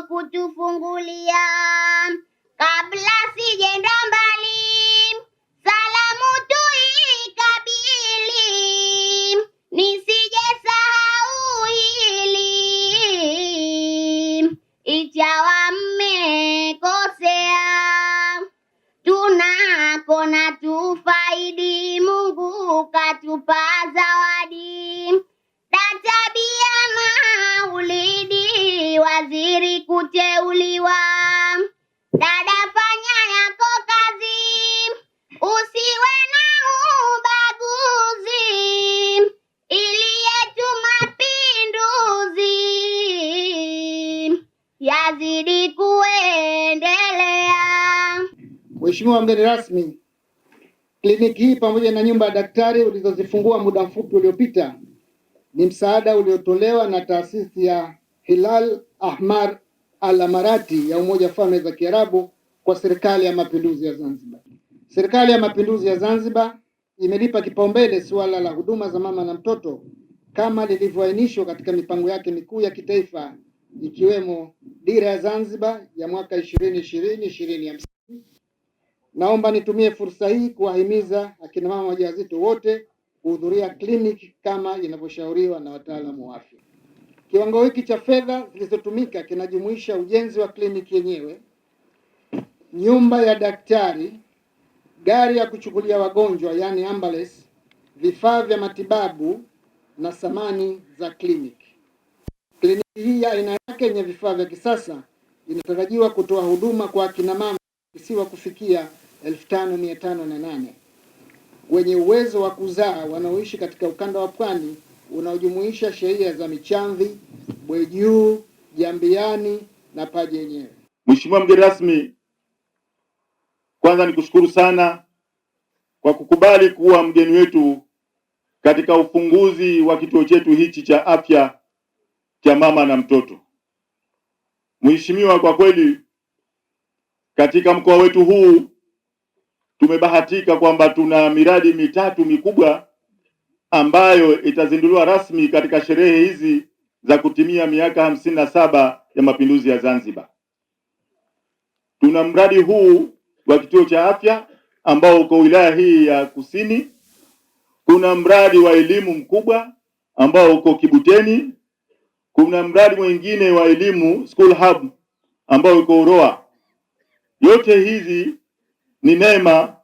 gut, good yazidi kuendelea. Mheshimiwa mgeni rasmi, kliniki hii pamoja na nyumba ya daktari ulizozifungua muda mfupi uliopita ni msaada uliotolewa na taasisi ya Hilal Ahmar Al Amarati ya Umoja wa Falme za Kiarabu kwa Serikali ya Mapinduzi ya Zanzibar. Serikali ya Mapinduzi ya Zanzibar imelipa kipaumbele suala la huduma za mama na mtoto kama lilivyoainishwa katika mipango yake mikuu ya kitaifa ikiwemo dira ya Zanzibar ya mwaka ishirini ishirini ishirini hamsini. Naomba nitumie fursa hii kuwahimiza akina mama wajawazito wote kuhudhuria kliniki kama inavyoshauriwa na wataalamu wa afya. Kiwango hiki cha fedha zilizotumika kinajumuisha ujenzi wa kliniki yenyewe, nyumba ya daktari, gari ya kuchukulia wagonjwa yaani ambulance, vifaa vya matibabu na samani za kliniki hii ya aina yake yenye vifaa vya kisasa inatarajiwa kutoa huduma kwa akina mama kisiwa kufikia nane wenye uwezo wa kuzaa wanaoishi katika ukanda wa pwani unaojumuisha shehia za Michamvi, Bwejuu, Jambiani na Paje yenyewe. Mheshimiwa mgeni rasmi, kwanza nikushukuru sana kwa kukubali kuwa mgeni wetu katika ufunguzi wa kituo chetu hichi cha afya cha mama na mtoto. Mheshimiwa, kwa kweli katika mkoa wetu huu tumebahatika kwamba tuna miradi mitatu mikubwa ambayo itazinduliwa rasmi katika sherehe hizi za kutimia miaka hamsini na saba ya mapinduzi ya Zanzibar. Tuna mradi huu wa kituo cha afya ambao uko wilaya hii ya Kusini. Kuna mradi wa elimu mkubwa ambao uko Kibuteni kuna mradi mwingine wa elimu School Hub ambao uko Uroa. Yote hizi ni neema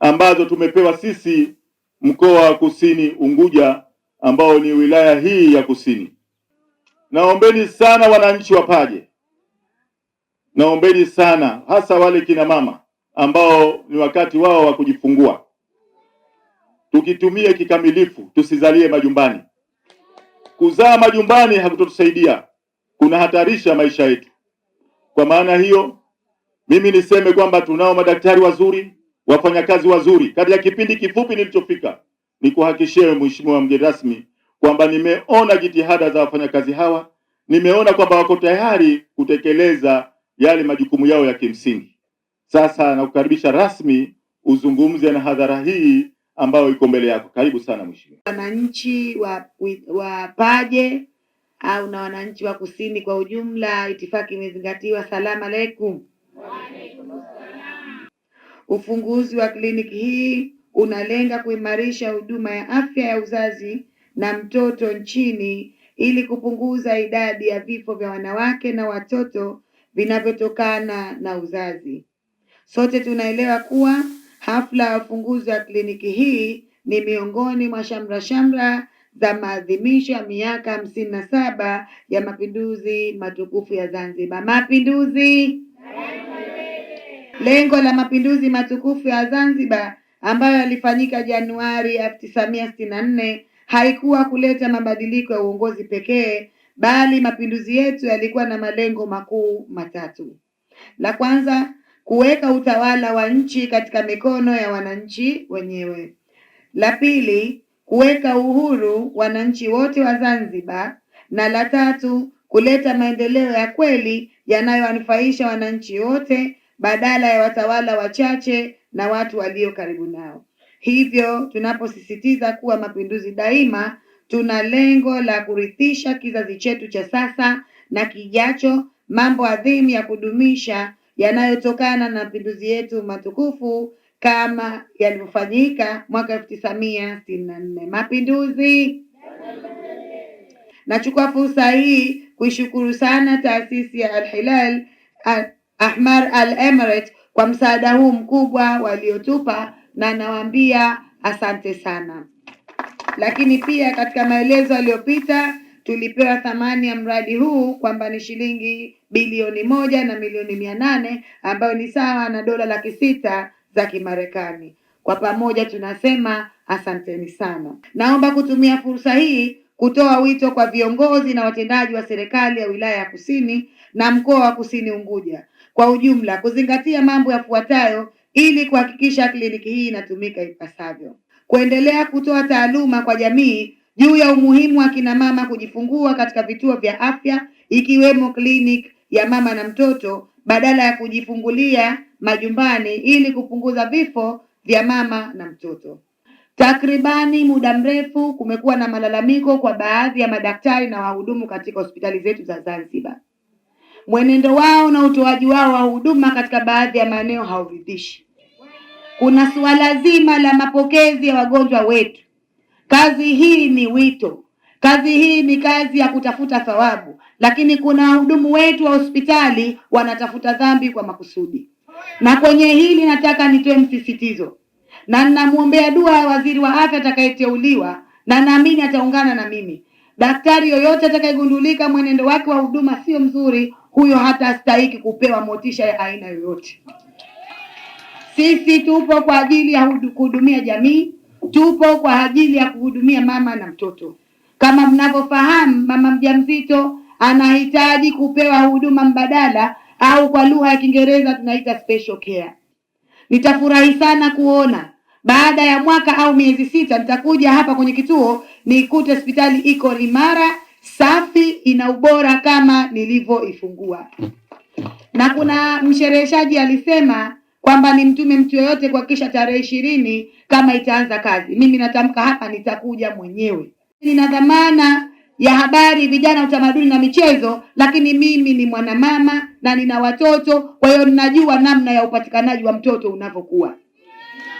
ambazo tumepewa sisi mkoa wa Kusini Unguja ambao ni wilaya hii ya Kusini. Naombeni sana wananchi wa Paje, naombeni sana hasa wale kina mama ambao ni wakati wao wa kujifungua, tukitumie kikamilifu, tusizalie majumbani. Kuzaa majumbani hakutotusaidia, kunahatarisha maisha yetu. Kwa maana hiyo, mimi niseme kwamba tunao madaktari wazuri, wafanyakazi wazuri. Kati ya kipindi kifupi nilichofika, nikuhakikishie Mheshimiwa mgeni rasmi kwamba nimeona jitihada za wafanyakazi hawa, nimeona kwamba wako tayari kutekeleza yale majukumu yao ya kimsingi. Sasa nakukaribisha rasmi uzungumze na hadhara hii ambayo iko mbele yako. Karibu sana mheshimiwa. Wananchi wa, wa Paje au na wananchi wa kusini kwa ujumla, itifaki imezingatiwa. Salamu alaikum. Ufunguzi wa kliniki hii unalenga kuimarisha huduma ya afya ya uzazi na mtoto nchini ili kupunguza idadi ya vifo vya wanawake na watoto vinavyotokana na uzazi. Sote tunaelewa kuwa Hafla ya ufunguzi wa kliniki hii ni miongoni mwa shamra shamra za maadhimisho ya miaka hamsini na saba ya mapinduzi matukufu ya Zanzibar. Mapinduzi! Lengo la mapinduzi matukufu ya Zanzibar ambayo yalifanyika Januari elfu tisa mia sitini na nne haikuwa kuleta mabadiliko ya uongozi pekee, bali mapinduzi yetu yalikuwa na malengo makuu matatu. La kwanza kuweka utawala wa nchi katika mikono ya wananchi wenyewe. La pili, kuweka uhuru wananchi wote wa Zanzibar, na la tatu, kuleta maendeleo ya kweli yanayowanufaisha wananchi wote badala ya watawala wachache na watu walio karibu nao. Hivyo tunaposisitiza kuwa mapinduzi daima, tuna lengo la kurithisha kizazi chetu cha sasa na kijacho mambo adhimu ya kudumisha yanayotokana na mapinduzi yetu matukufu kama yalivyofanyika mwaka elfu tisa mia sitini na nne mapinduzi. Nachukua fursa hii kuishukuru sana taasisi ya alhilal Ahmar Al Emirate kwa msaada huu mkubwa waliotupa, na nawaambia asante sana. Lakini pia katika maelezo yaliyopita tulipewa thamani ya mradi huu kwamba ni shilingi bilioni moja na milioni mia nane ambayo ni sawa na dola laki sita za Kimarekani. Kwa pamoja tunasema asanteni sana. Naomba kutumia fursa hii kutoa wito kwa viongozi na watendaji wa serikali ya wilaya ya Kusini na mkoa wa Kusini Unguja kwa ujumla kuzingatia mambo yafuatayo ili kuhakikisha kliniki hii inatumika ipasavyo: kuendelea kutoa taaluma kwa jamii juu ya umuhimu wa kina mama kujifungua katika vituo vya afya ikiwemo kliniki ya mama na mtoto badala ya kujifungulia majumbani ili kupunguza vifo vya mama na mtoto. Takribani muda mrefu kumekuwa na malalamiko kwa baadhi ya madaktari na wahudumu katika hospitali zetu za Zanzibar. Mwenendo wao na utoaji wao wa huduma katika baadhi ya maeneo hauridhishi. Kuna suala zima la mapokezi ya wagonjwa wetu Kazi hii ni wito, kazi hii ni kazi ya kutafuta thawabu, lakini kuna wahudumu wetu wa hospitali wanatafuta dhambi kwa makusudi. Na kwenye hili nataka nitoe msisitizo, na ninamwombea dua ya waziri wa afya atakayeteuliwa, na naamini ataungana na mimi. Daktari yoyote atakayegundulika mwenendo wake wa huduma sio mzuri, huyo hata astahiki kupewa motisha ya aina yoyote. Sisi tupo kwa ajili ya kuhudumia jamii Tupo kwa ajili ya kuhudumia mama na mtoto. Kama mnavyofahamu, mama mjamzito anahitaji kupewa huduma mbadala au kwa lugha ya Kiingereza tunaita special care. Nitafurahi sana kuona baada ya mwaka au miezi sita nitakuja hapa kwenye kituo nikute hospitali iko imara, safi, ina ubora kama nilivyoifungua. Na kuna mshereheshaji alisema kwamba ni mtume mtu yoyote kuhakikisha tarehe ishirini kama itaanza kazi. Mimi natamka hapa, nitakuja mwenyewe. Nina dhamana ya habari, vijana, utamaduni na michezo, lakini mimi ni mwanamama na nina watoto, kwa hiyo ninajua namna ya upatikanaji wa mtoto unavyokuwa.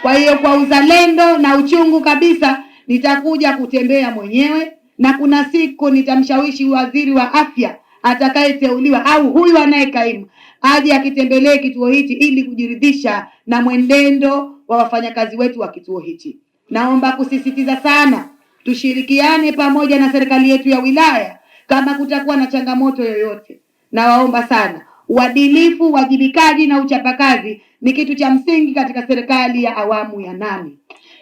Kwa hiyo kwa uzalendo na uchungu kabisa, nitakuja kutembea mwenyewe, na kuna siku nitamshawishi waziri wa afya atakayeteuliwa au huyu anayekaimu aje akitembelee kituo hichi ili kujiridhisha na mwenendo wa wafanyakazi wetu wa kituo hichi. Naomba kusisitiza sana, tushirikiane pamoja na serikali yetu ya wilaya kama kutakuwa na changamoto yoyote. Nawaomba sana, uadilifu, uwajibikaji na uchapakazi ni kitu cha msingi katika serikali ya awamu ya nane,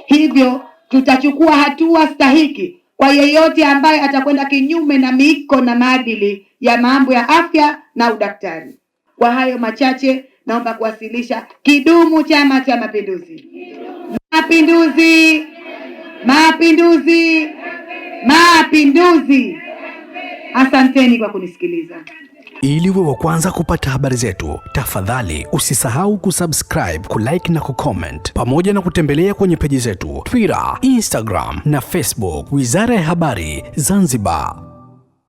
hivyo tutachukua hatua stahiki kwa yeyote ambaye atakwenda kinyume na miiko na maadili ya mambo ya afya na udaktari. Kwa hayo machache, naomba kuwasilisha. Kidumu Chama cha Mapinduzi! Mapinduzi! Mapinduzi! Mapinduzi! Asanteni kwa kunisikiliza. Ili uwe wa kwanza kupata habari zetu, tafadhali usisahau kusubscribe, kulike na kucomment, pamoja na kutembelea kwenye peji zetu Twitter, Instagram na Facebook, Wizara ya Habari Zanzibar.